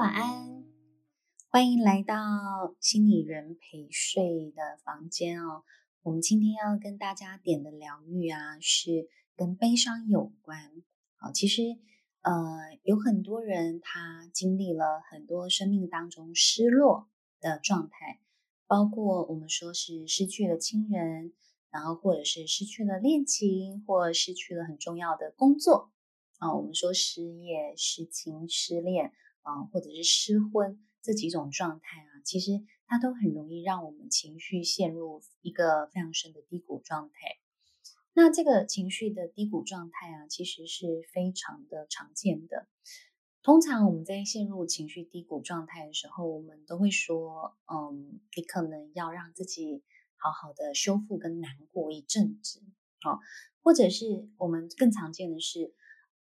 晚安，歡迎來到心理人陪睡的房間哦。我們今天要跟大家點的療癒啊，是跟悲傷有關啊。其實，呃，有很多人他經歷了很多生命當中失落的狀態，包括我們說是失去了親人，然後或者是失去了戀情，或失去了很重要的工作啊。我們說失業、失情、失戀。啊，或者是失婚，這幾種狀態啊，其實它都很容易讓我們情緒陷入一個非常深的低谷狀態。那這個情緒的低谷狀態啊，其實是非常的常見的。通常我們在陷入情緒低谷狀態的時候，我們都會說，嗯，你可能要讓自己好好的修復跟難過一陣子，哦，或者是我們更常見的是，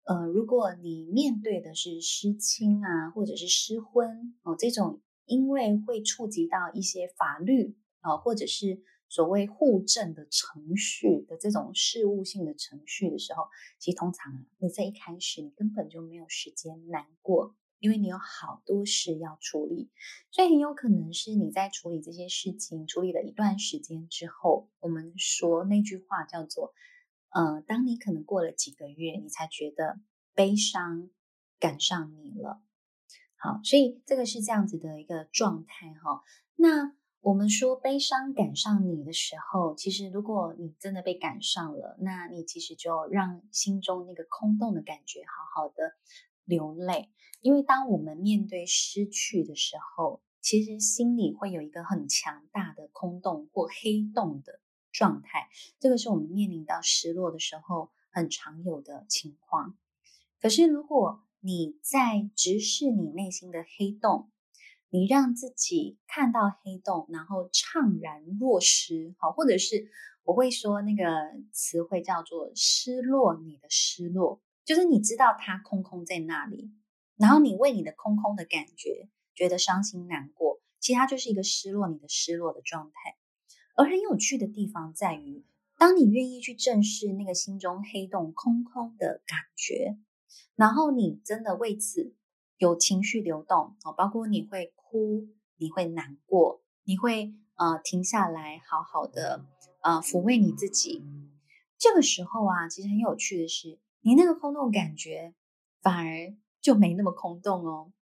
呃，如果你面對的是失親啊，或者是失婚哦，這種因為會觸及到一些法律啊，哦，或者是所謂互證的程序的這種事務性的程序的時候，其實通常你在一開始你根本就沒有時間難過，因為你有好多事要處理，所以很有可能是你在處理這些事情處理了一段時間之後，我們說那句話叫做。呃，當你可能過了幾個月，你才覺得悲傷趕上你了。好，所以這個是這樣子的一個狀態哈、哦。那我們說悲傷趕上你的時候，其實如果你真的被趕上了，那你其實就讓心中那個空洞的感覺好好的流淚，因為當我們面對失去的時候，其實心裡會有一個很強大的空洞或黑洞的狀態，這個是我們面臨到失落的時候很常有的情況。可是，如果你在直視你內心的黑洞，你讓自己看到黑洞，然後悵然若失，好，或者是我會說那個詞彙叫做“失落你的失落”，就是你知道它空空在那裡，然後你為你的空空的感覺覺得傷心難過，其實它就是一個失落你的失落的狀態。而很有趣的地方在於，當你願意去正視那個心中黑洞空空的感覺，然後你真的為此有情緒流動哦，包括你會哭，你會難過，你會，呃，停下來好好的，呃，撫慰你自己。這個時候啊，其實很有趣的是，你那個空洞感覺反而就沒那麼空洞哦。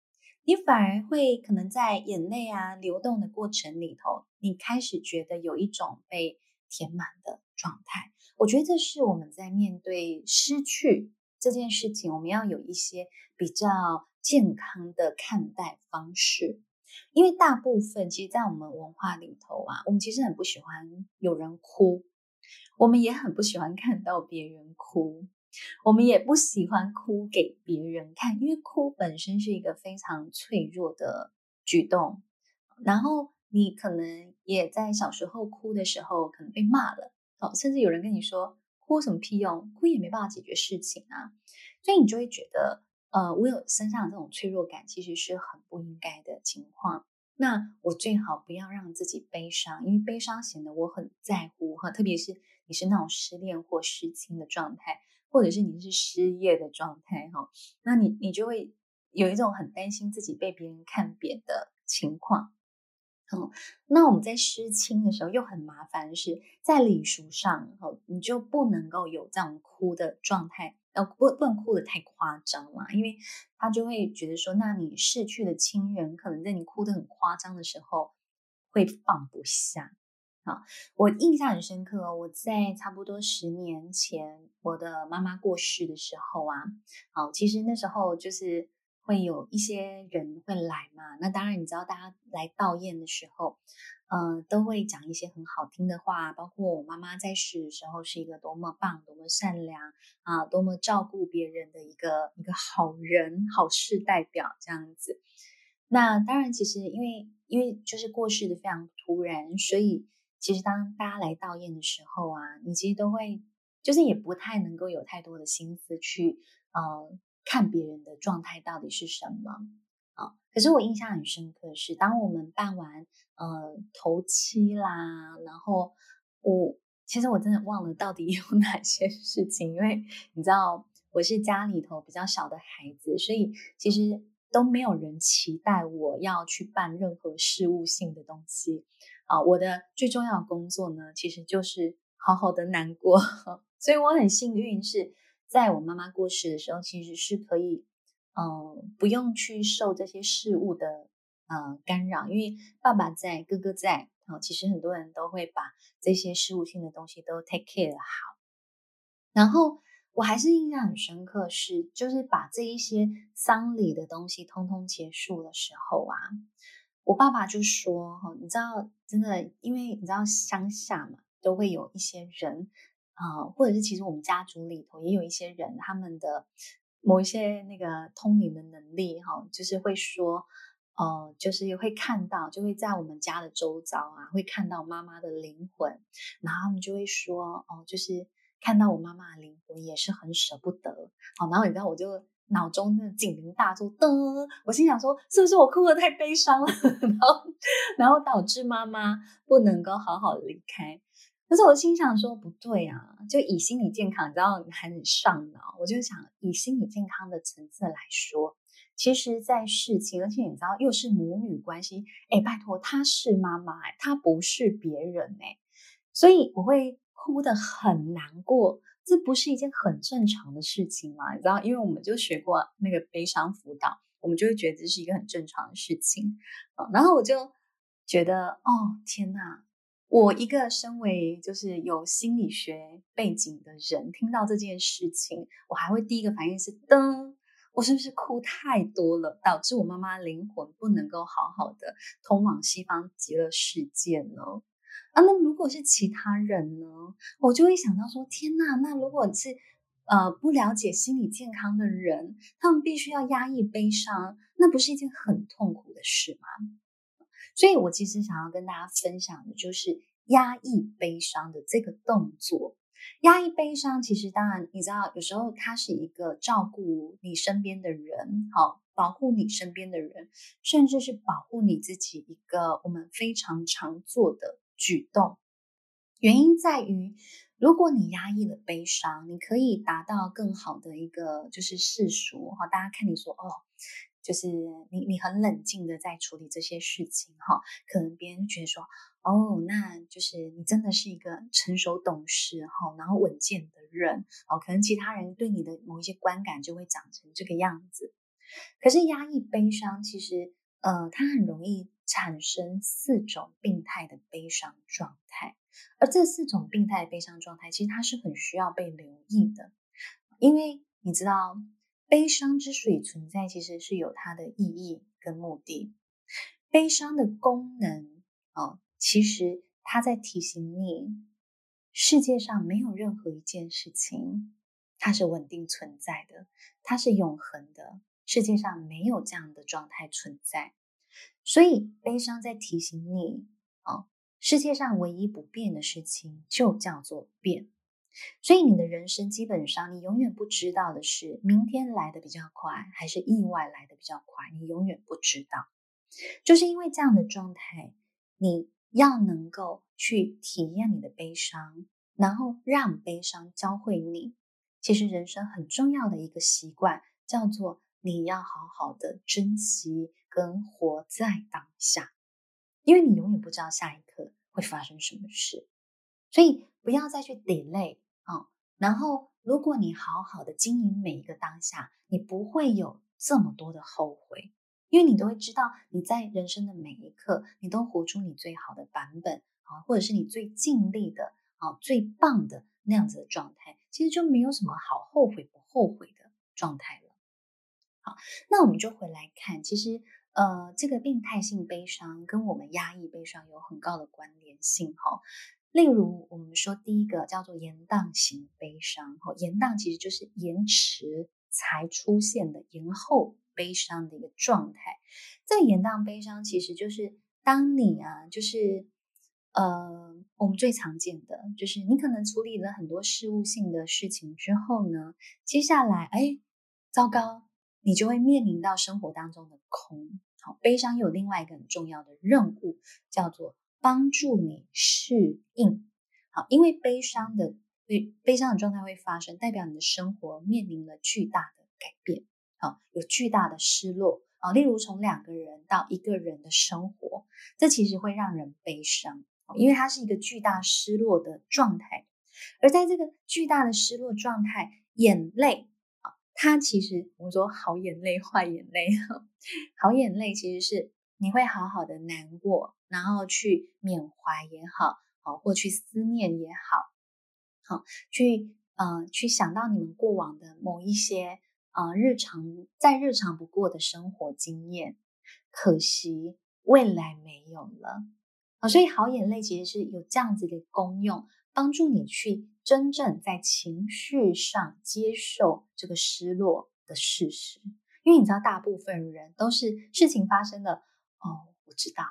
你反而會可能在眼淚啊流動的過程裡頭，你開始覺得有一種被填滿的狀態。我覺得這是我們在面對失去這件事情，我們要有一些比較健康的看待方式。因為大部分其實在我們文化裡頭啊，我們其實很不喜歡有人哭，我們也很不喜歡看到別人哭。我們也不喜歡哭給別人看，因為哭本身是一個非常脆弱的舉動。然後你可能也在小時候哭的時候，可能被罵了哦，甚至有人跟你說：“哭什麼屁用？哭也沒辦法解決事情啊。”所以你就會覺得，呃，我有身上這種脆弱感，其實是很不應該的情況。那我最好不要讓自己悲傷，因為悲傷顯得我很在乎哈。特別是你是那種失戀或失親的狀態。或者是你是失業的狀態哈，那你你就會有一種很擔心自己被別人看扁的情況。嗯，那我們在失親的時候又很麻煩是，是在禮俗上哈，你就不能夠有這樣哭的狀態，要不不能哭得太誇張嘛，因為他就會覺得說，那你逝去的親人可能在你哭得很誇張的時候會放不下。好，我印象很深刻、哦、我在差不多十年前，我的媽媽過世的時候啊，好，其實那時候就是會有一些人會來嘛。那當然，你知道，大家來悼念的時候，嗯、呃、都會講一些很好聽的話，包括我媽媽在世的時候是一個多麼棒、多麼善良啊，多麼照顧別人的一個一個好人、好事代表這樣子。那當然，其實因為因為就是過世的非常突然，所以。其實，當大家來悼念的時候啊，你其實都會，就是也不太能夠有太多的心思去，呃，看別人的狀態到底是什麼啊、呃。可是我印象很深刻是，當我們辦完，呃，頭七啦，然後我其實我真的忘了到底有哪些事情，因為你知道我是家裡頭比較小的孩子，所以其實都沒有人期待我要去辦任何事務性的東西。啊、哦，我的最重要工作呢，其實就是好好的難過。 所以我很幸運是在我媽媽過世的時候，其實是可以，嗯、呃，不用去受這些事物的呃干擾，因為爸爸在，哥哥在、哦、其實很多人都會把這些事務性的東西都 take care 好。然後我還是印象很深刻是，是就是把這一些喪禮的東西通通結束的時候啊。我爸爸就說：“哈，你知道，真的，因為你知道，鄉下嘛，都會有一些人啊、呃，或者是其實我們家族裡頭也有一些人，他們的某一些那個通靈的能力，哈、呃，就是會說，哦、呃，就是也會看到，就會在我們家的周遭啊，會看到媽媽的靈魂，然後他們就會說，哦、呃，就是看到我媽媽的靈魂也是很捨不得，哦、呃，然後你知道，我就。”腦中那警鈴大作，噔！我心想說，是不是我哭得太悲傷了， 然後，然後導致媽媽不能夠好好離開？可是我心想說，不對啊，就以心理健康，你知道，還很上腦。我就想以心理健康的層次來說，其實在事情，而且你知道，又是母女關係，誒、欸、拜托，她是媽媽、欸，她不是別人哎、欸，所以我會哭得很難過。這不是一件很正常的事情嘛。你知道，然後，因為我們就學過那個悲傷輔導，我們就會覺得這是一個很正常的事情。嗯，然後我就覺得，哦，天吶，我一個身為就是有心理學背景的人，聽到這件事情，我還會第一個反應是：噔，我是不是哭太多了，導致我媽媽靈魂不能夠好好的通往西方極樂世界呢？啊，那如果是其他人呢？我就會想到說，天哪，那如果是，呃，不了解心理健康的人，他們必須要壓抑悲傷，那不是一件很痛苦的事嗎？所以，我其實想要跟大家分享的就是壓抑悲傷的這個動作。壓抑悲傷，其實當然你知道，有時候它是一個照顧你身邊的人，好保護你身邊的人，甚至是保護你自己一個我們非常常做的。舉動原因在於，如果你壓抑了悲傷，你可以達到更好的一個就是世俗哈。大家看你說哦，就是你你很冷靜的在處理這些事情哈，可能別人覺得說哦，那就是你真的是一個成熟懂事哈，然後穩健的人哦。可能其他人對你的某一些觀感就會長成這個樣子。可是壓抑悲傷，其實呃，它很容易。產生四種病態的悲傷狀態，而這四種病態的悲傷狀態，其實它是很需要被留意的，因為你知道，悲傷之所以存在，其實是有它的意義跟目的。悲傷的功能哦，其實它在提醒你，世界上沒有任何一件事情，它是穩定存在的，它是永恆的。世界上沒有這樣的狀態存在。所以，悲傷在提醒你，哦，世界上唯一不變的事情就叫做變。所以，你的人生基本上，你永遠不知道的是，明天來得比較快，還是意外來得比較快，你永遠不知道。就是因為這樣的狀態，你要能夠去體驗你的悲傷，然後讓悲傷教會你，其實人生很重要的一個習慣，叫做。你要好好的珍惜跟活在當下，因為你永遠不知道下一刻會發生什麼事，所以不要再去 delay 啊。然後，如果你好好的經營每一個當下，你不會有這麼多的後悔，因為你都會知道你在人生的每一刻，你都活出你最好的版本啊，或者是你最盡力的啊、最棒的那樣子的狀態。其實就沒有什麼好後悔不後悔的狀態。好，那我們就回來看，其實，呃，這個病態性悲傷跟我們壓抑悲傷有很高的關聯性哦，例如，我們說第一個叫做延宕型悲傷，哈、哦，延宕其實就是延遲才出現的延後悲傷的一個狀態。這個延宕悲傷其實就是當你啊，就是，呃，我們最常見的就是你可能處理了很多事務性的事情之後呢，接下來，哎，糟糕。你就會面臨到生活當中的空，好悲傷，又有另外一個很重要的任務，叫做幫助你適應。好，因為悲傷的悲悲傷的狀態會發生，代表你的生活面臨了巨大的改變，好，有巨大的失落啊，例如從兩個人到一個人的生活，這其實會讓人悲傷，因為它是一個巨大失落的狀態，而在這個巨大的失落狀態，眼淚。他其實，我們說好眼淚、壞眼淚。好眼淚其實是你會好好的難過，然後去緬懷也好，好，或去思念也好，好去，呃，去想到你們過往的某一些，呃，日常再日常不過的生活經驗，可惜未來沒有了啊、哦。所以好眼淚其實是有這樣子的功用，幫助你去，真正在情緒上接受這個失落的事實，因為你知道，大部分人都是事情發生了，哦，我知道，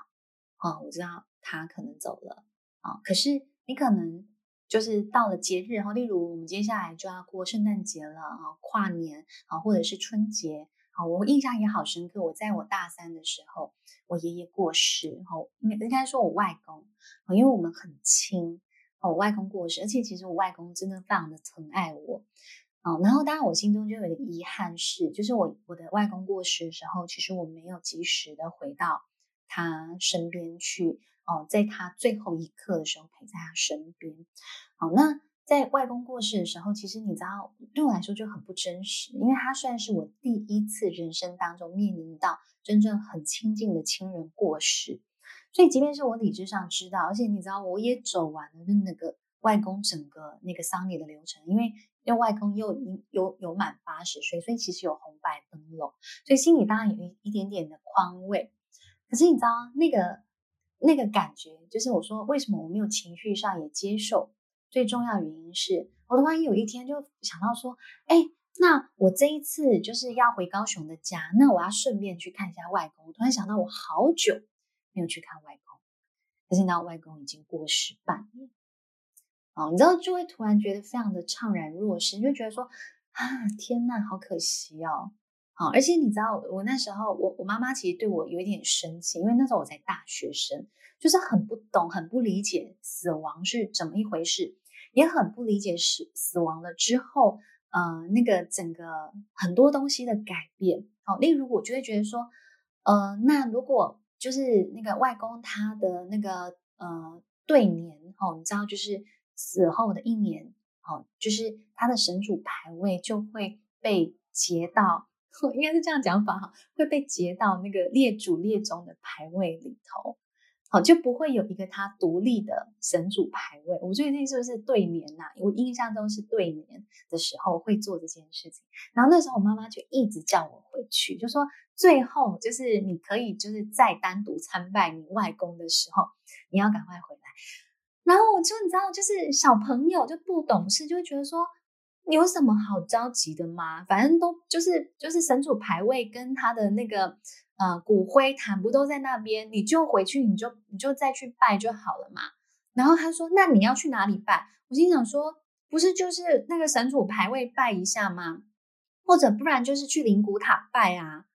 哦，我知道他可能走了，啊、哦，可是你可能就是到了節日然後、哦，例如我們接下來就要過聖誕節了啊、哦，跨年啊、哦，或者是春節啊、哦，我印象也好深刻。我在我大三的時候，我爺爺過世，然後、哦、應應該說我外公、哦，因為我們很親。哦，我外公過世，而且其實我外公真的非常的疼愛我，哦，然後當然我心中就有一個遺憾是，就是我我的外公過世的時候，其實我沒有及時的回到他身邊去，哦，在他最後一刻的時候陪在他身邊，哦，那在外公過世的時候，其實你知道，對我來說就很不真實，因為他算是我第一次人生當中面臨到真正很親近的親人過世。所以，即便是我理智上知道，而且你知道，我也走完了那個外公整個那個喪禮的流程，因為因為外公又有有有滿八十歲，所以其實有紅白燈籠，所以心裡當然有一一點點的寬慰。可是你知道那個那個感覺，就是我說為什麼我沒有情緒上也接受？最重要原因是，我突然有一天就想到說，欸，那我這一次就是要回高雄的家，那我要順便去看一下外公。我突然想到，我好久。沒有去看外公，但是那外公已經過世半年。哦，你知道就會突然覺得非常的悵然若失，就覺得說啊，天吶，好可惜哦。啊、哦，而且你知道，我那時候，我我媽媽其實對我有一點生氣，因為那時候我才大學生，就是很不懂，很不理解死亡是怎麼一回事，也很不理解死死亡了之後，呃，那個整個很多東西的改變。好、哦，例如我就會覺得說，呃，那如果就是那個外公他的那個呃對年哦，你知道就是死後的一年哦，就是他的神主牌位就會被截到，應該是這樣講法哈，會被截到那個列祖列宗的牌位裡頭。好，就不會有一個他獨立的神主牌位。我最近就是對年吶，啊，我印象中是對年的時候會做這件事情。然後那時候我媽媽就一直叫我回去，就說最後就是你可以就是再單獨參拜你外公的時候，你要趕快回來。然後我就你知道，就是小朋友就不懂事，就會覺得說有什麼好着急的嗎？反正都就是就是神主牌位跟他的那個。呃，骨灰壇不都在那邊？你就回去，你就你就再去拜就好了嘛。然後他說，那你要去哪裡拜？我心想說，不是就是那個神主牌位拜一下嗎？或者不然就是去靈骨塔拜啊？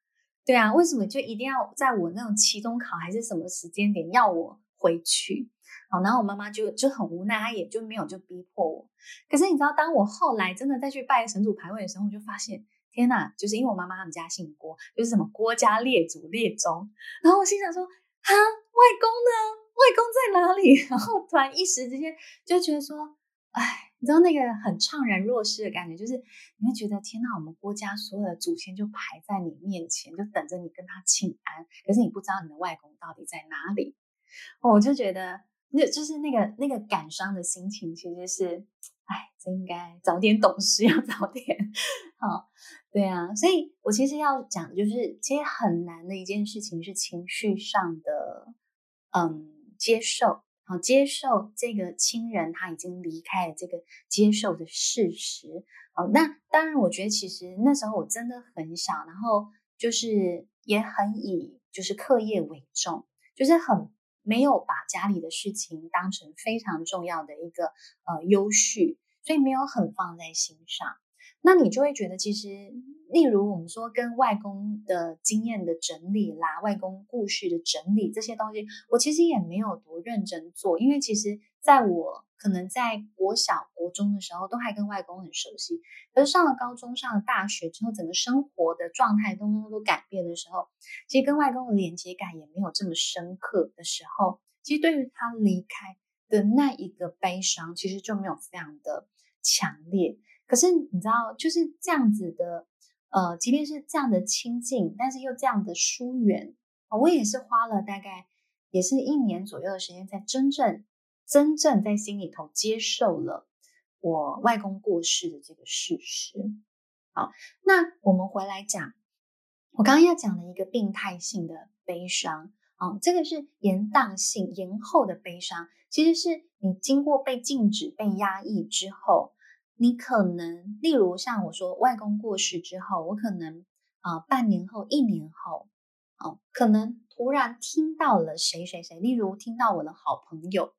對啊，為什麼就一定要在我那種期中考還是什麼時間點要我回去？好，然後我媽媽就就很無奈，她也就沒有就逼迫我。可是你知道，當我後來真的再去拜神主牌位的時候，我就發現。天吶，就是因為我媽媽他們家姓郭，就是什麼郭家列祖列宗。然後我心想說，哈，外公呢？外公在哪裡？然後突然一時之間就覺得說，哎，你知道那個很悵然若失的感覺，就是你會覺得天吶，我們郭家所有的祖先就排在你面前，就等着你跟他請安，可是你不知道你的外公到底在哪裡。哦，我就覺得，那就是那個那個感傷的心情，其實是，哎，真應該早點懂事，要早點好。哦對啊，所以我其實要講就是，其實很難的一件事情是情緒上的，嗯，接受，好，接受這個親人他已經離開了這個接受的事實。哦，那當然，我覺得其實那時候我真的很小，然後就是也很以就是課業為重，就是很沒有把家裡的事情當成非常重要的一個呃優序，所以沒有很放在心上。那你就會覺得，其實，例如我們說跟外公的經驗的整理啦，外公故事的整理這些東西，我其實也沒有多認真做，因為其實在我可能在國小、國中的時候，都還跟外公很熟悉，可是上了高中、上了大學之後，整個生活的狀態都都改變的時候，其實跟外公的連接感也沒有這麼深刻的時候，其實對於他離開的那一個悲傷，其實就沒有非常的強烈。可是你知道，就是這樣子的，呃，即便是這樣的親近，但是又這樣的疏遠，哦，我也是花了大概也是一年左右的時間，才真正、真正在心裡頭接受了我外公過世的這個事實。好，哦，那我們回來講，我剛剛要講的一個病態性的悲傷啊，哦，這個是延宕性、延後的悲傷，其實是你經過被禁止、被壓抑之後。你可能，例如像我說，外公過世之後，我可能啊、呃，半年後、一年後，哦、呃，可能突然聽到了誰誰誰，例如聽到我的好朋友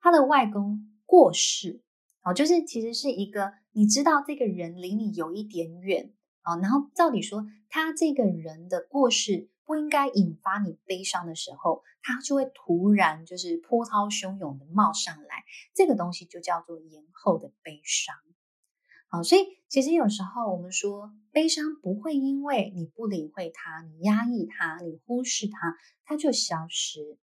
他的外公過世，哦、呃，就是其實是一個你知道這個人離你有一點遠，啊、呃，然後照理說他這個人的過世。不應該引發你悲傷的時候，它就會突然就是波濤洶湧的冒上來。這個東西就叫做延後的悲傷。好、哦，所以其實有時候我們說，悲傷不會因為你不理會它、你壓抑它、你忽視它，它就消失。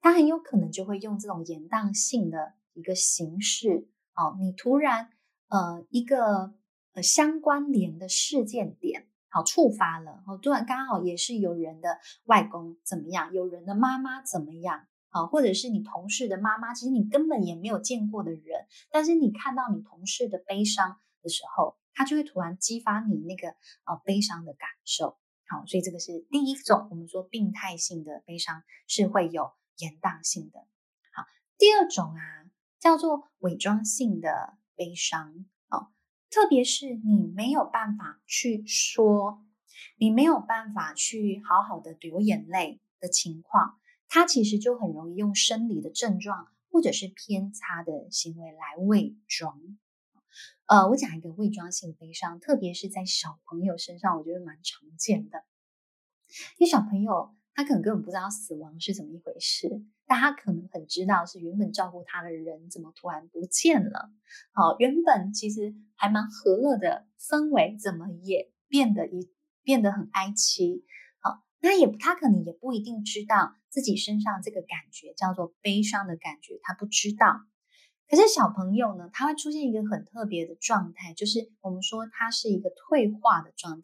它很有可能就會用這種延宕性的一個形式。哦，你突然呃一個呃相關聯的事件點。好觸發了，好突然剛好也是有人的外公怎麼樣，有人的媽媽怎麼樣，好，或者是你同事的媽媽，其實你根本也沒有見過的人，但是你看到你同事的悲傷的時候，他就會突然激發你那個啊、哦，悲傷的感受。好，所以這個是第一種，我們說病態性的悲傷是會有延宕性的。好，第二種啊叫做偽裝性的悲傷。特別是你沒有辦法去說，你沒有辦法去好好的流眼淚的情況，他其實就很容易用生理的症狀，或者是偏差的行為來偽裝。呃，我講一個偽裝性悲傷，特別是在小朋友身上，我覺得蠻常見的，因為小朋友他可能根本不知道死亡是怎麼一回事。大家可能很知道，是原本照顧他的人怎麼突然不見了？好，原本其實還蠻和樂的氛圍，怎麼也變得一變得很哀戚。好，那也不他可能也不一定知道自己身上這個感覺叫做悲傷的感覺，他不知道。可是小朋友呢，他會出現一個很特別的狀態，就是我們說他是一個退化的狀態。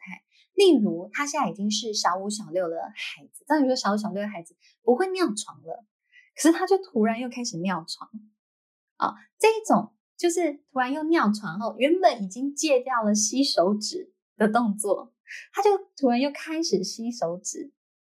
例如，他現在已經是小五、小六的孩子，當你說小五、小六的孩子不會尿床了。可是他就突然又開始尿床啊、哦！這一種就是突然又尿床後，原本已經戒掉了吸手指的動作，他就突然又開始吸手指。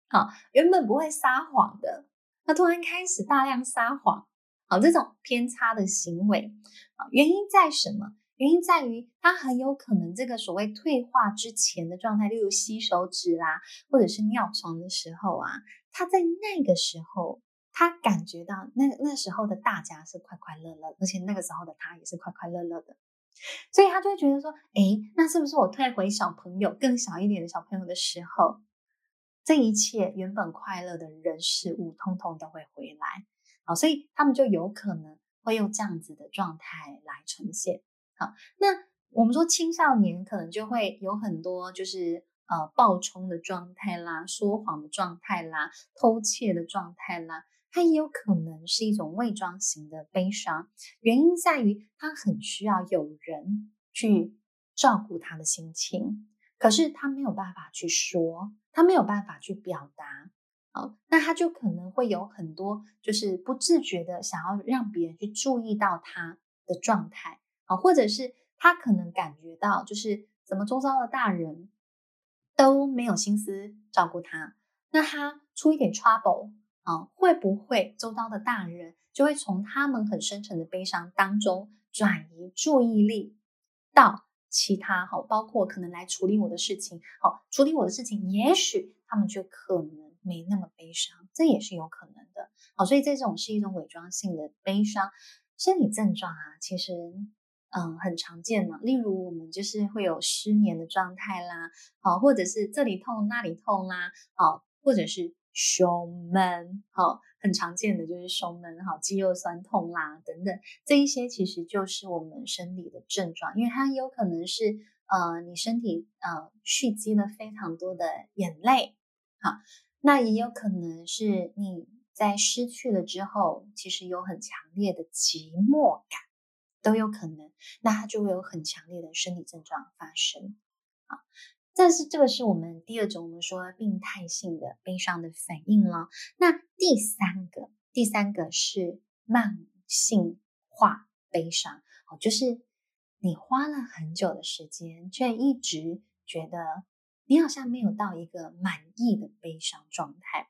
好、哦，原本不會撒謊的，他突然開始大量撒謊。好、哦，這種偏差的行為，啊、哦，原因在什麼？原因在於他很有可能這個所謂退化之前的狀態，例如吸手指啦、啊，或者是尿床的時候啊，他在那個時候。他感覺到那那時候的大家是快快樂樂，而且那個時候的他也是快快樂樂的，所以他就會覺得說，哎、欸，那是不是我退回小朋友更小一點的小朋友的時候，這一切原本快樂的人事物，通通都會回來。好，所以他們就有可能會用這樣子的狀態來呈現。好，那我們說青少年可能就會有很多就是。呃，暴衝的狀態啦，說謊的狀態啦，偷竊的狀態啦，他也有可能是一種偽裝型的悲傷。原因在於他很需要有人去照顧他的心情，嗯、可是他沒有辦法去說，他沒有辦法去表達。好、哦，那他就可能會有很多就是不自覺的想要讓別人去注意到他的狀態啊、哦，或者是他可能感覺到就是怎麼周遭的大人。都沒有心思照顧他，那他出一點 trouble 啊、哦，會不會周遭的大人就會從他們很深沉的悲傷當中轉移注意力到其他？哦、包括可能來處理我的事情，好、哦，處理我的事情，也許他們就可能沒那麼悲傷，這也是有可能的。好、哦，所以這種是一種偽裝性的悲傷，生理症狀啊，其實。嗯、呃，很常見的，例如我們就是會有失眠的狀態啦，好、啊，或者是這裡痛那裡痛啦，好、啊，或者是胸悶，好、啊，很常見的就是胸悶，好、啊，肌肉酸痛啦等等，這一些其實就是我們身體的症狀，因為它有可能是呃你身體呃蓄積了非常多的眼淚，好、啊，那也有可能是你在失去了之後，其實有很強烈的寂寞感。都有可能，那他就會有很強烈的生理症狀發生，啊，這是這個是我們第二種的說，我們說病態性的悲傷的反應了。那第三個，第三個是慢性化悲傷，哦、啊，就是你花了很久的時間，卻一直覺得你好像沒有到一個滿意的悲傷狀態。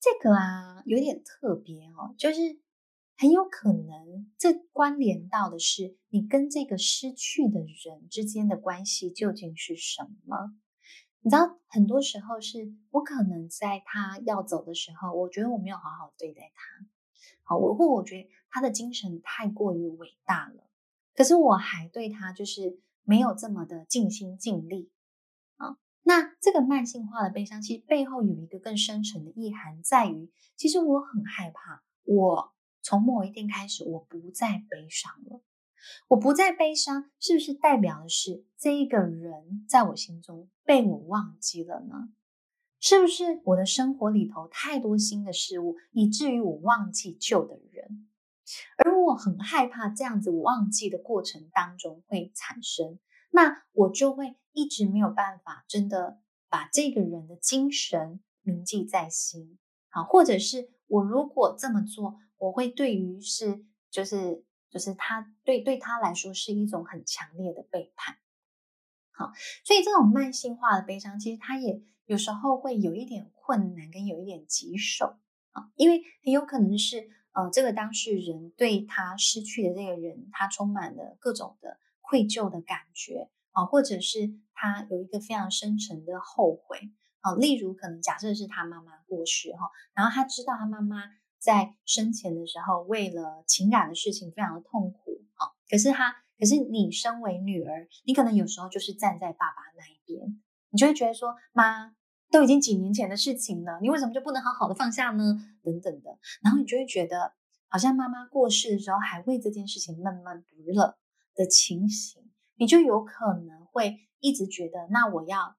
這個啊，有點特別哦，就是。很有可能，這關聯到的是你跟這個失去的人之間的關係究竟是什麼？你知道，很多時候是我可能在他要走的時候，我覺得我沒有好好對待他，好，我或我覺得他的精神太過於偉大了，可是我還對他就是沒有這麼的盡心盡力啊。那這個慢性化的悲傷，其實背後有一個更深層的意涵，在於，其實我很害怕我。從某一天開始，我不再悲傷了。我不再悲傷，是不是代表的是這一個人在我心中被我忘記了呢？是不是我的生活裡頭太多新的事物，以至於我忘記舊的人？而我很害怕這樣子我忘記的過程當中會產生，那我就會一直沒有辦法真的把這個人的精神銘記在心，好，或者是。我如果這麼做，我會對於是就是就是他對，對他來說是一種很強烈的背叛。好，所以這種慢性化的悲傷，其實他也有時候會有一點困難跟，有一點棘手啊，因為很有可能是呃這個當事人對他失去的這個人，他充滿了各種的愧疚的感覺啊，或者是他有一個非常深沉的後悔。哦，例如可能假設是他媽媽過世哈，然後他知道他媽媽在生前的時候，為了情感的事情非常的痛苦。好，可是他，可是你身為女兒，你可能有時候就是站在爸爸那一邊，你就會覺得說，媽都已經幾年前的事情了，你為什麼就不能好好的放下呢？等等的，然後你就會覺得，好像媽媽過世的時候，還為這件事情悶悶不樂的情形，你就有可能會一直覺得，那我要。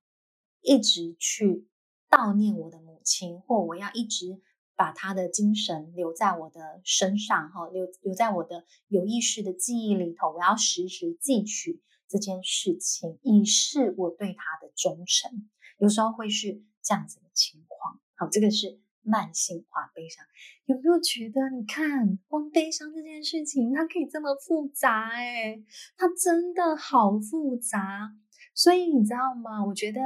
一直去悼念我的母親，或我要一直把她的精神留在我的身上，哈，留留在我的有意識的記憶裡頭。我要時時記取這件事情，以示我對她的忠誠。有時候會是這樣子的情況。好，這個是慢性化悲傷。有沒有覺得，你看光悲傷這件事情，它可以這麼複雜、欸？誒，它真的好複雜。所以你知道嗎？我覺得。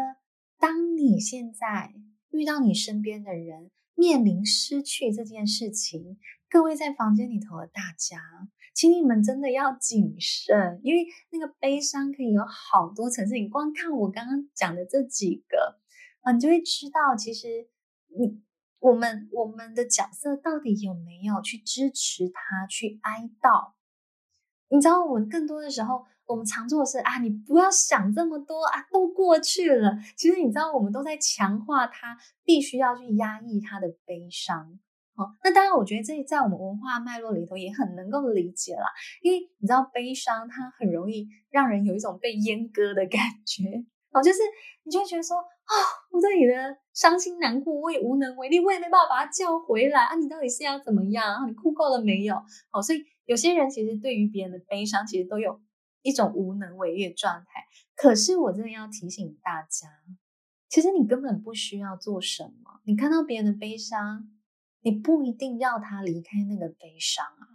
當你現在遇到你身邊的人面臨失去這件事情，各位在房間裡頭的大家，請你們真的要謹慎，因為那個悲傷可以有好多層次。你光看我剛剛講的這幾個，啊，你就會知道其實你、我們、我們的角色到底有沒有去支持他去哀悼。你知道，我更多的時候。我們常做的是啊，你不要想這麼多啊，都過去了。其實你知道，我們都在強化他必須要去壓抑他的悲傷。哦，那當然，我覺得這在我們文化脈絡裡頭也很能夠理解啦，因為你知道，悲傷它很容易讓人有一種被閹割的感覺。哦，就是你就會覺得說哦，我對你的傷心難過，我也無能為力，我也沒辦法把他叫回來啊。你到底是要怎麼樣啊？你哭夠了沒有？哦，所以有些人其實對於別人的悲傷，其實都有一種無能為力狀態。可是我真的要提醒大家，其實你根本不需要做什麼。你看到別人的悲傷，你不一定要他離開那個悲傷啊。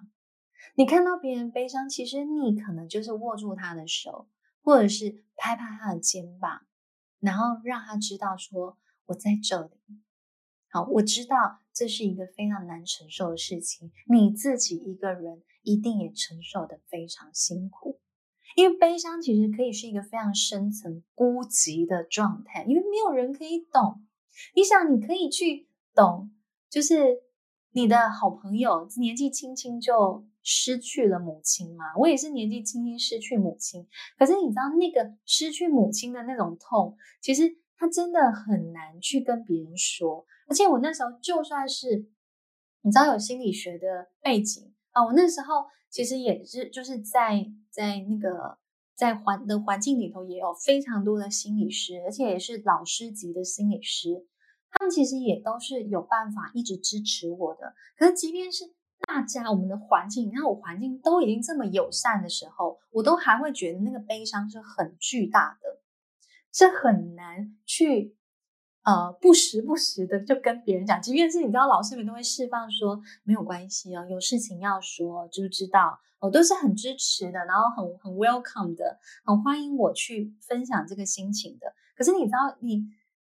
你看到別人悲傷，其實你可能就是握住他的手，或者是拍拍他的肩膀，然後讓他知道說：“我在這裡。”好，我知道這是一個非常難承受的事情，你自己一個人一定也承受得非常辛苦。因為悲傷其實可以是一個非常深層孤寂的狀態，因為沒有人可以懂。你想，你可以去懂，就是你的好朋友年紀輕輕就失去了母親嘛。我也是年紀輕輕失去母親，可是你知道那個失去母親的那種痛，其實它真的很難去跟別人說。而且我那時候就算是你知道有心理學的背景啊，我那時候其實也是就是在。在那個在環的環境裡頭，也有非常多的心理師，而且也是老師級的心理師，他們其實也都是有辦法一直支持我的。可是，即便是大家我們的環境，然後我環境都已經這麼友善的時候，我都還會覺得那個悲傷是很巨大的，這很難去。呃，不時不時的就跟別人講，即便是你知道老師們都會釋放說，沒有關係哦，有事情要說，就知道哦，都是很支持的，然後很，很 welcome 的，很、哦、歡迎我去分享這個心情的。可是你知道，你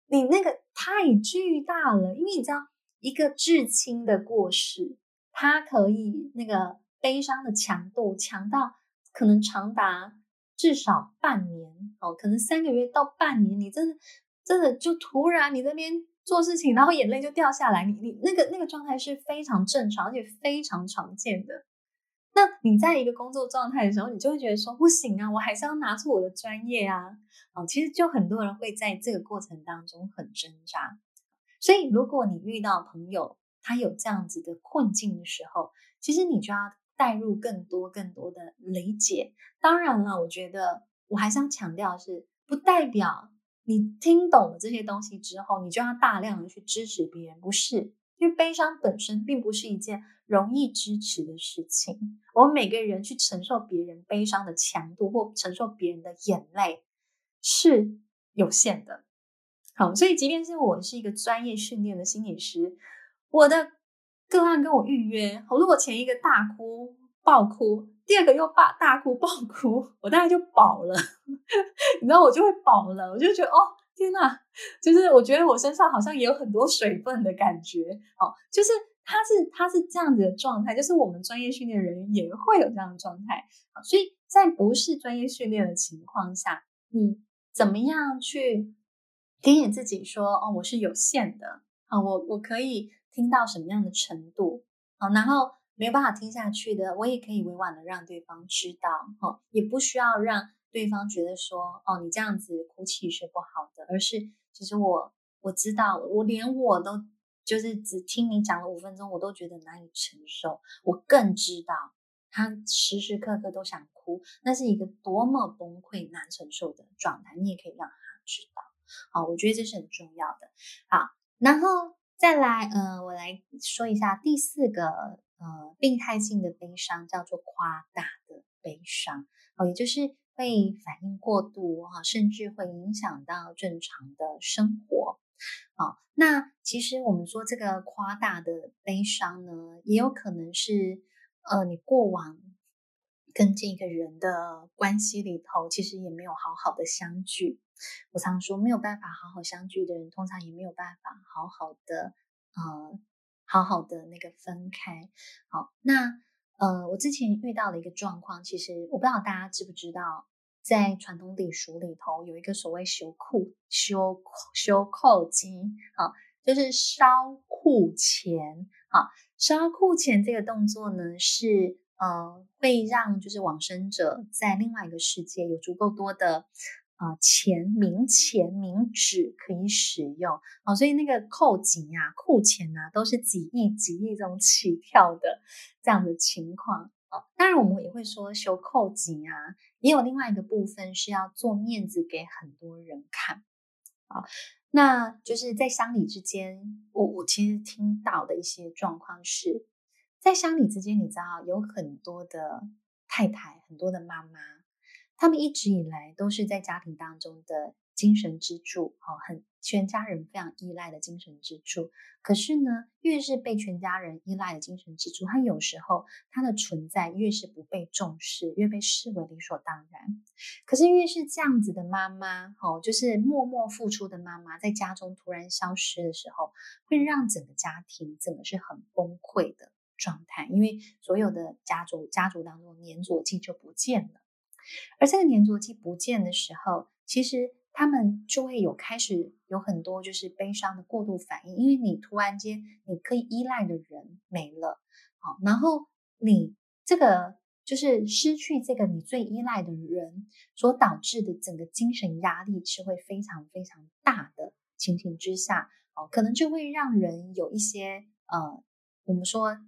你那個太巨大了，因為你知道一個至親的過世，它可以那個悲傷的強度強到可能長達至少半年哦，可能三個月到半年，你真的。真的就突然你那邊做事情，然後眼淚就掉下來，你你那個那個狀態是非常正常，而且非常常見的。那你在一個工作狀態的時候，你就會覺得說不行啊，我還是要拿出我的專業啊啊、哦！其實就很多人會在這個過程當中很掙扎。所以如果你遇到朋友他有這樣子的困境的時候，其實你就要帶入更多更多的理解。當然了，我覺得我還想是要強調是不代表。你聽懂了這些東西之後，你就要大量的去支持別人，不是，因為悲傷本身並不是一件容易支持的事情。我們每個人去承受別人悲傷的強度，或承受別人的眼淚，是有限的。好，所以即便是我是一個專業訓練的心理師，我的個案跟我預約，好，如果前一個大哭、爆哭。第二個又大大哭爆哭，我大概就飽了，你知道我就會飽了，我就覺得哦天吶、啊，就是我覺得我身上好像也有很多水分的感覺，哦，就是他是他是這樣子的狀態，就是我們專業訓練人員也會有這樣的狀態、哦、所以在不是專業訓練的情況下，你怎麼樣去提醒自己說哦，我是有限的啊、哦，我我可以聽到什麼樣的程度啊、哦，然後。沒有辦法聽下去的，我也可以委婉的讓對方知道，哈、哦，也不需要讓對方覺得說，哦，你這樣子哭泣是不好的，而是其實我我知道了，我連我都就是只聽你講了五分鐘，我都覺得難以承受，我更知道他時時刻刻都想哭，那是一個多麼崩潰難承受的狀態，你也可以讓他知道，啊，我覺得這是很重要的，好，然後再來，呃，我來說一下第四個。呃，病態性的悲傷叫做誇大的悲傷，好、哦，也就是被反應過度、哦、甚至會影響到正常的生活。好、哦，那其實我們說這個誇大的悲傷呢，也有可能是呃，你過往跟這個人的關係裡頭，其實也沒有好好的相聚。我常說，沒有辦法好好相聚的人，通常也沒有辦法好好的呃。好好的那個分開，好，那呃，我之前遇到的一個狀況，其實我不知道大家知不知道，在傳統禮俗裡頭有一個所謂修庫、修修庫金啊，就是燒庫錢啊，燒庫錢這個動作呢，是呃會讓就是往生者在另外一個世界有足夠多的。啊，錢名錢名紙可以使用哦，所以那個庫金啊、庫錢啊，都是幾億、幾億這種起跳的這樣的情況哦，當然，我們也會說修庫金啊，也有另外一個部分是要做面子給很多人看好，哦、那就是在鄉里之間，我我其實聽到的一些狀況是，在鄉里之間，你知道有很多的太太，很多的媽媽。他們一直以來都是在家庭當中的精神支柱，哦，很全家人非常依賴的精神支柱。可是呢，越是被全家人依賴的精神支柱，他有時候他的存在越是不被重視，越被視為理所當然。可是越是這樣子的媽媽，哦，就是默默付出的媽媽，在家中突然消失的時候，會讓整個家庭整個是很崩潰的狀態。因為所有的家族家族當中黏著劑就不見了。而這個黏着劑不見的時候，其實他們就會有開始有很多就是悲傷的過度反應，因為你突然間，你可以依賴的人沒了，好，然後你這個就是失去這個你最依賴的人所導致的整個精神壓力是會非常非常大的情形之下，好，可能就會讓人有一些呃，我們說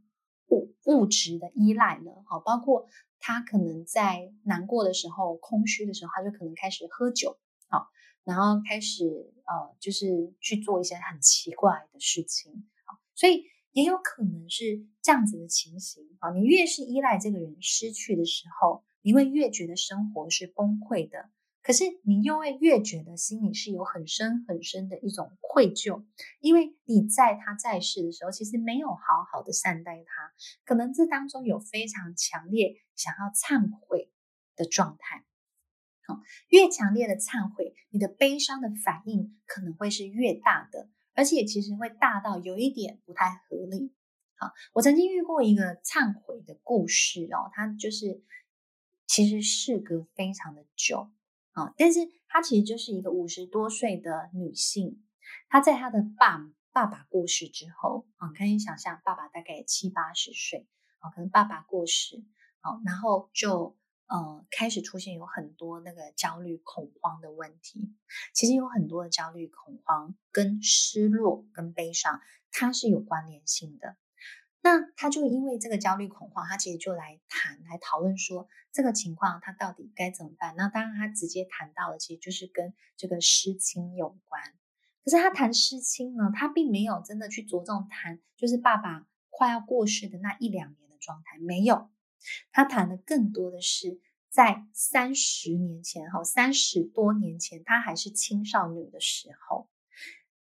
物物質的依賴了，好，包括。他可能在難過的時候、空虛的時候，他就可能開始喝酒，好，啊，然後開始呃，就是去做一些很奇怪的事情，啊，所以也有可能是這樣子的情形啊。你越是依賴這個人，失去的時候，你會越覺得生活是崩潰的，可是你又會越覺得心裡是有很深很深的一種愧疚，因為你在他在世的時候，其實沒有好好的善待他，可能這當中有非常強烈。想要懺悔的狀態，好、哦，越強烈的懺悔，你的悲傷的反應可能會是越大的，而且其實會大到有一點不太合理。好、哦，我曾經遇過一個懺悔的故事哦，他就是其實事隔非常的久啊、哦，但是他其實就是一個五十多歲的女性，她在她的爸爸爸過世之後啊、哦，可以想象爸爸大概七八十歲啊、哦，可能爸爸過世。好，然後就呃開始出現有很多那個焦慮恐慌的問題。其實有很多的焦慮恐慌跟失落跟悲傷，它是有關聯性的。那他就因為這個焦慮恐慌，他其實就來談，來討論說這個情況他到底該怎麼辦。那當然他直接談到的其實就是跟這個失親有關。可是他談失親呢，他並沒有真的去着重談，就是爸爸快要過世的那一兩年的狀態，沒有。他談的更多的是在三十年前，哈，三十多年前，他還是青少女的時候，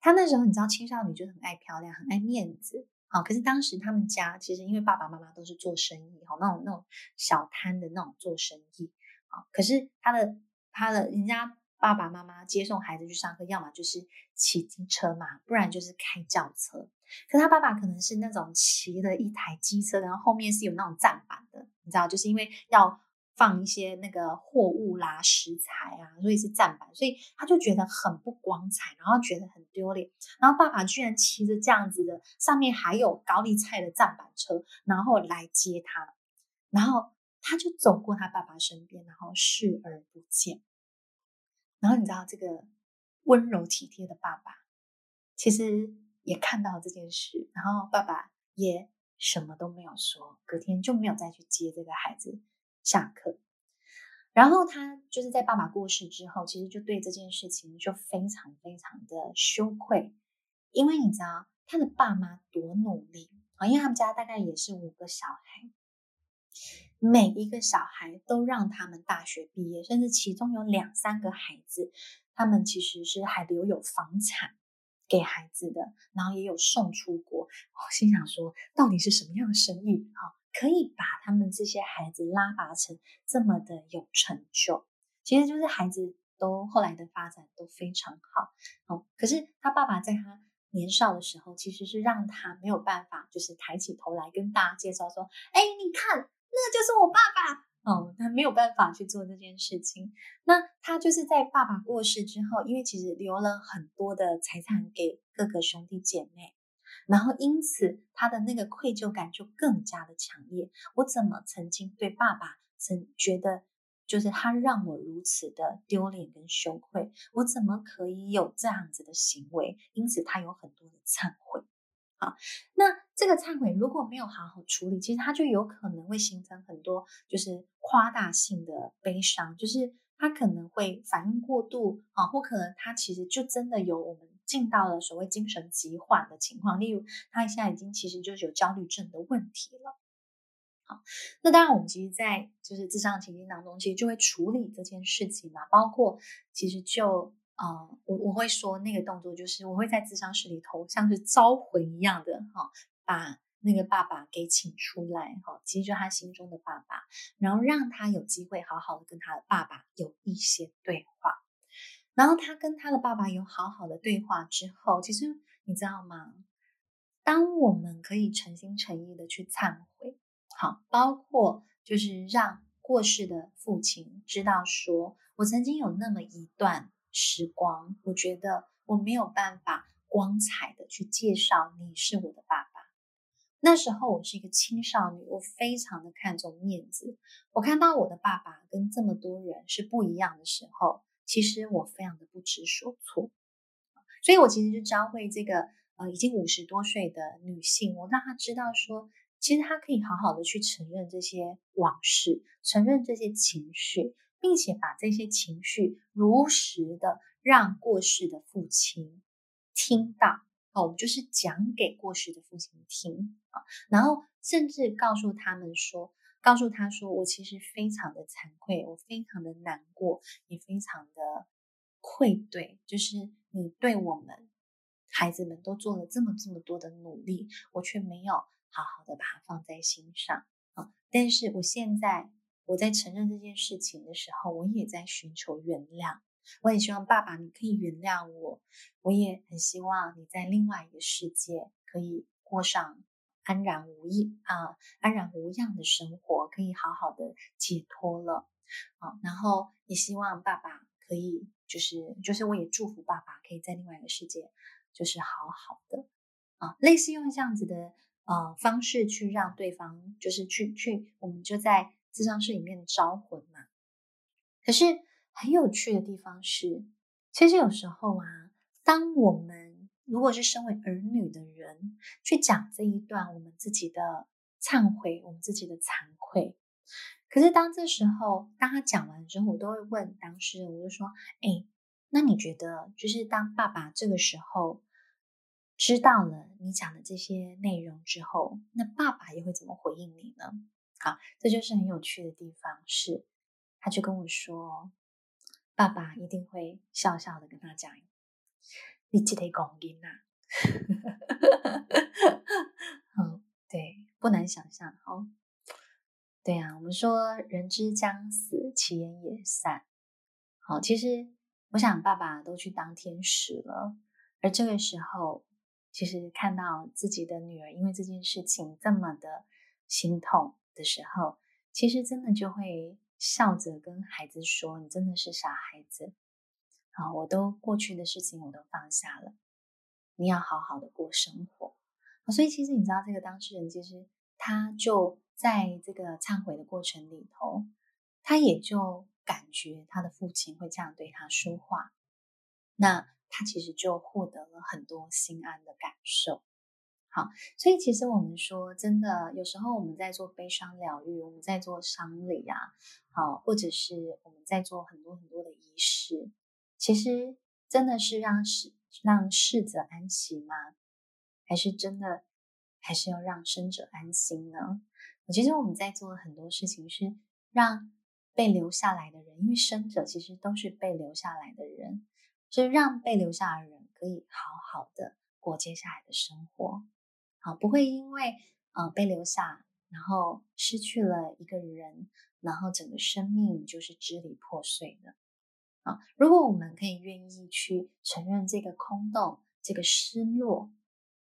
他那時候你知道，青少女就很愛漂亮，很愛面子，好，可是當時他們家其實因為爸爸媽媽都是做生意，好，那種那種小攤的那種做生意，啊，可是他的他的人家爸爸媽媽接送孩子去上課，要麼就是騎自行車嘛，不然就是開轎車。可他爸爸可能是那種騎了一台機車，然後後面是有那種站板的，你知道，就是因為要放一些那個貨物啦、啊、食材啊，所以是站板，所以他就覺得很不光彩，然後覺得很丟臉。然後爸爸居然騎着這樣子的，上面還有高麗菜的站板車，然後來接他，然後他就走過他爸爸身邊，然後視而不見。然後你知道，這個溫柔體貼的爸爸，其實。也看到了這件事，然後爸爸也什麼都沒有說，隔天就沒有再去接這個孩子下課。然後他就是在爸爸過世之後，其實就對這件事情就非常非常的羞愧，因為你知道他的爸媽多努力啊，哦，因為他們家大概也是五個小孩，每一個小孩都讓他們大學畢業，甚至其中有兩三個孩子，他們其實是還留有房產。給孩子的，然後也有送出國。我心想說，到底是什麼樣的生意，哦，可以把他們這些孩子拉拔成這麼的有成就？其實就是孩子都後來的發展都非常好。哦，可是他爸爸在他年少的時候，其實是讓他沒有辦法，就是抬起頭來跟大家介紹說：“哎，你看，那就是我爸爸。”哦，他沒有辦法去做這件事情。那他就是在爸爸過世之後，因為其實留了很多的財產給各個兄弟姐妹，嗯、然後因此他的那個愧疚感就更加的強烈。我怎麼曾經對爸爸曾覺得，就是他讓我如此的丟臉跟羞愧，我怎麼可以有這樣子的行為？因此他有很多的懺悔。好、啊，那。這個懺悔如果沒有好好處理，其實它就有可能會形成很多就是誇大性的悲傷，就是他可能會反應過度啊，或可能他其實就真的有我們進到了所謂精神疾患的情況，例如他現在已經其實就是有焦慮症的問題了。好，那當然我們其實，在就是諮商情境當中，其實就會處理這件事情嘛、啊，包括其實就啊、呃，我我會說那個動作就是我會在諮商室裡頭像是招魂一樣的哈。啊把那個爸爸給請出來，哈，其實就是他心中的爸爸，然後讓他有機會好好的跟他的爸爸有一些對話，然後他跟他的爸爸有好好的對話之後，其實你知道嗎？當我們可以誠心誠意的去懺悔，好，包括就是讓過世的父親知道說，說我曾經有那麼一段時光，我覺得我沒有辦法光彩的去介紹你是我的爸爸。那時候我是一個青少女，我非常的看重面子。我看到我的爸爸跟這麼多人是不一樣的時候，其實我非常的不知所措。所以，我其實就教會這個呃已經五十多歲的女性，我讓她知道說，其實她可以好好的去承認這些往事，承認這些情緒，並且把這些情緒如實的讓過世的父親聽到。哦，我們就是講給過世的父親聽啊，然後甚至告訴他們說，告訴他說，我其實非常的慚愧，我非常的難過，也非常的愧對，就是你對我們孩子們都做了這麼這麼多的努力，我卻沒有好好的把它放在心上啊。但是我現在我在承認這件事情的時候，我也在尋求原諒。我也希望爸爸，你可以原諒我。我也很希望你在另外一個世界可以過上安然無恙啊，安然無恙的生活，可以好好的解脫了啊。然後也希望爸爸可以，就是就是我也祝福爸爸可以在另外一個世界，就是好好的啊。類似用這樣子的呃方式去讓對方，就是去去，我們就在諮商室裡面招魂嘛。可是。很有趣的地方是，其實有時候啊，當我們如果是身為兒女的人去講這一段我們自己的懺悔、我們自己的慚愧，可是當這時候當他講完之後，我都會問當時，我就說：“誒，那你覺得，就是當爸爸這個時候知道了你講的這些內容之後，那爸爸又會怎麼回應你呢？”好，這就是很有趣的地方，是他就跟我說。爸爸一定會笑笑的跟他講你：“你記得感恩吶。 ”嗯，對，不難想象哦。對呀、啊，我們說“人之將死，其言也善”。好，其實我想爸爸都去當天使了，而這個時候，其實看到自己的女兒因為這件事情這麼的心痛的時候，其實真的就會。笑着跟孩子說：“你真的是傻孩子。好，我都過去的事情我都放下了，你要好好的過生活。”所以其實你知道，這個當事人其實他就在這個懺悔的過程裡頭，他也就感覺他的父親會這樣對他說話，那他其實就獲得了很多心安的感受。好，所以其實我們說，真的，有時候我們在做悲傷療癒，我們在做喪禮啊，好，或者是我們在做很多很多的儀式，其實真的是讓讓逝者安息嗎？還是真的，還是要讓生者安心呢？我覺得我們在做的很多事情是讓被留下來的人，因為生者其實都是被留下來的人，是讓被留下來的人可以好好的過接下來的生活。好、啊，不會因為啊、呃、被留下，然後失去了一個人，然後整個生命就是支離破碎的。啊，如果我們可以願意去承認這個空洞，這個失落，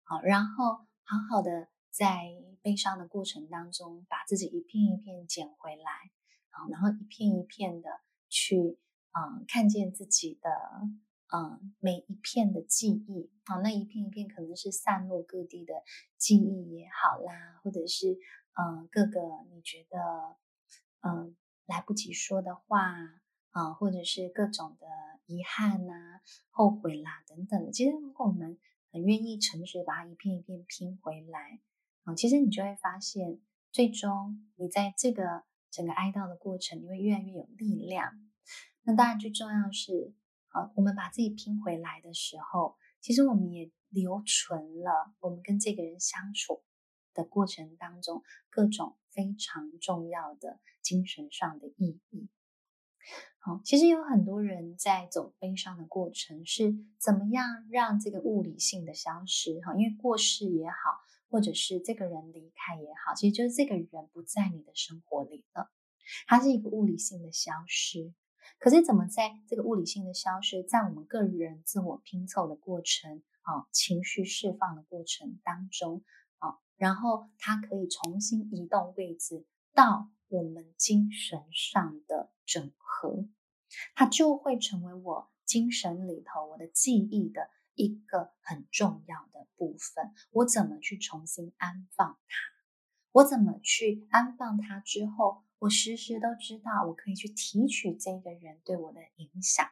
好、啊，然後好好的在悲傷的過程當中，把自己一片一片撿回來，啊，然後一片一片的去嗯、呃、看見自己的。嗯、呃，每一片的記憶啊，那一片一片可能是散落各地的記憶也好啦，或者是嗯、呃，各個你覺得嗯、呃、來不及說的話啊，或者是各種的遺憾吶、啊、後悔啦等等。其實，如果我們很願意誠實把它一片一片拼回來啊，其實你就會發現，最終你在這個整個哀悼的過程，你會越來越有力量。那當然，最重要是。啊，我們把自己拼回來的時候，其實我們也留存了我們跟這個人相處的過程當中各種非常重要的精神上的意義。好，其實有很多人在走悲傷的過程是怎麼樣讓這個物理性的消失哈，因為過世也好，或者是這個人離開也好，其實就是這個人不在你的生活裡了。它是一個物理性的消失。可是怎麼在這個物理性的消失，在我們個人自我拼湊的過程啊，情緒釋放的過程當中啊，然後它，可以重新移動位置到我們精神上的整合，它就會成為我精神裡頭我的記憶的一個很重要的部分。我怎麼去重新安放它？我怎麼去安放它之後？我時時都知道，我可以去提取這個人對我的影響。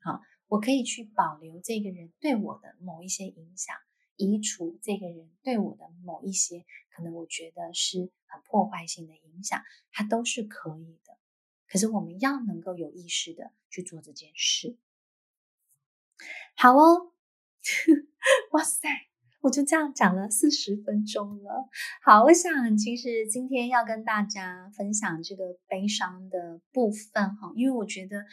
好，我可以去保留這個人對我的某一些影響，移除這個人對我的某一些可能我覺得是很破壞性的影響，它都是可以的。可是我們要能夠有意識的去做這件事。好哦， 哇塞！我就這樣講了四十分鐘了。好，我想其實今天要跟大家分享這個悲傷的部分哈，因為我覺得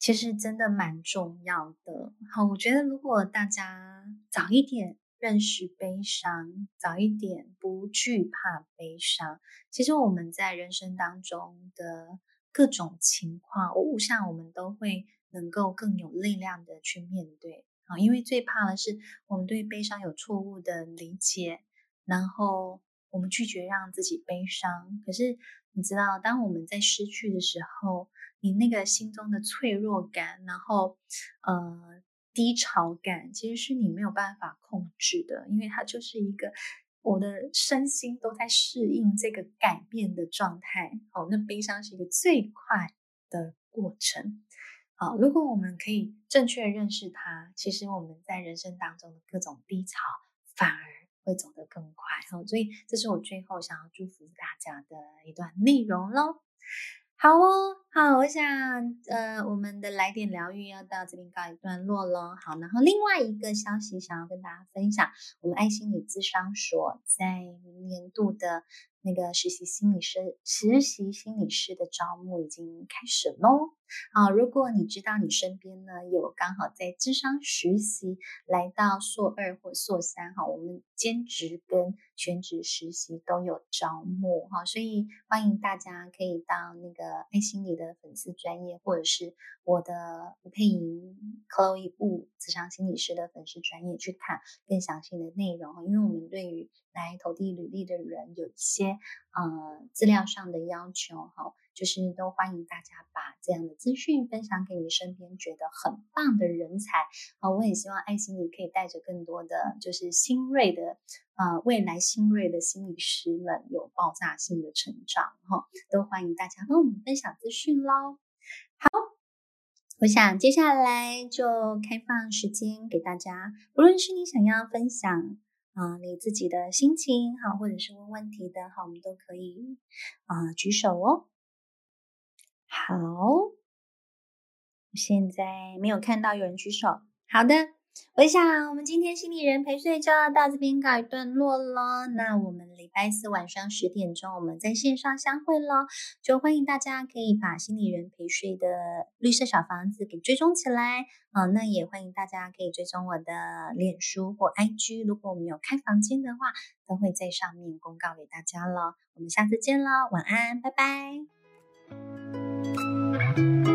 其實真的蠻重要的。好，我覺得如果大家早一點認識悲傷，早一點不懼怕悲傷，其實我們在人生當中的各種情況，我想我們都會能夠更有力量的去面對。啊，因為最怕的是我們對悲傷有錯誤的理解，然後我們拒絕讓自己悲傷。可是你知道，當我們在失去的時候，你那個心中的脆弱感，然後呃低潮感，其實是你沒有辦法控制的，因為它就是一個我的身心都在適應這個改變的狀態。哦，那悲傷是一個最快的過程。好、哦，如果我們可以正確認識它，其實我們在人生當中的各種低潮反而會走得更快。哦、所以這是我最後想要祝福大家的一段內容嘍。好哦，好，我想，呃，我們的來點療癒要到這邊告一段落嘍。好，然後另外一個消息想要跟大家分享，我們愛心理諮商所在明年度的。那個實習心理師、實習心理師的招募已經開始咯。啊，如果你知道你身邊呢有剛好在諮商實習，來到碩二或碩三，哈，我們兼職跟全職實習都有招募，哈，所以歡迎大家可以到那個愛心理的粉絲專頁，或者是我的吳姵瑩 Chloe Wu 諮商心理師的粉絲專頁去看更詳細的內容哈，因為我們對於來投遞履歷的人有一些。呃，資料上的要求哈、哦，就是都歡迎大家把這樣的資訊分享給你身邊覺得很棒的人才啊、哦！我也希望愛心理可以帶着更多的就是新銳的呃未來新銳的心理師們有爆炸性的成長哈、哦！都歡迎大家幫我們分享資訊咯。好，我想接下來就開放時間給大家，無論是你想要分享。啊、嗯，你自己的心情好，或者是問問題的好，我們都可以啊、呃、舉手哦。好，現在沒有看到有人舉手，好的。我想，我們今天心理人陪睡就要到這邊告一段落了。嗯、那我們禮拜四晚上十點鐘，我們在線上相會了。就歡迎大家可以把心理人陪睡的綠色小房子給追蹤起來啊、哦。那也歡迎大家可以追蹤我的臉書或 IG。如果我們有開房間的話，都會在上面公告給大家了。我們下次見了，晚安，拜拜。嗯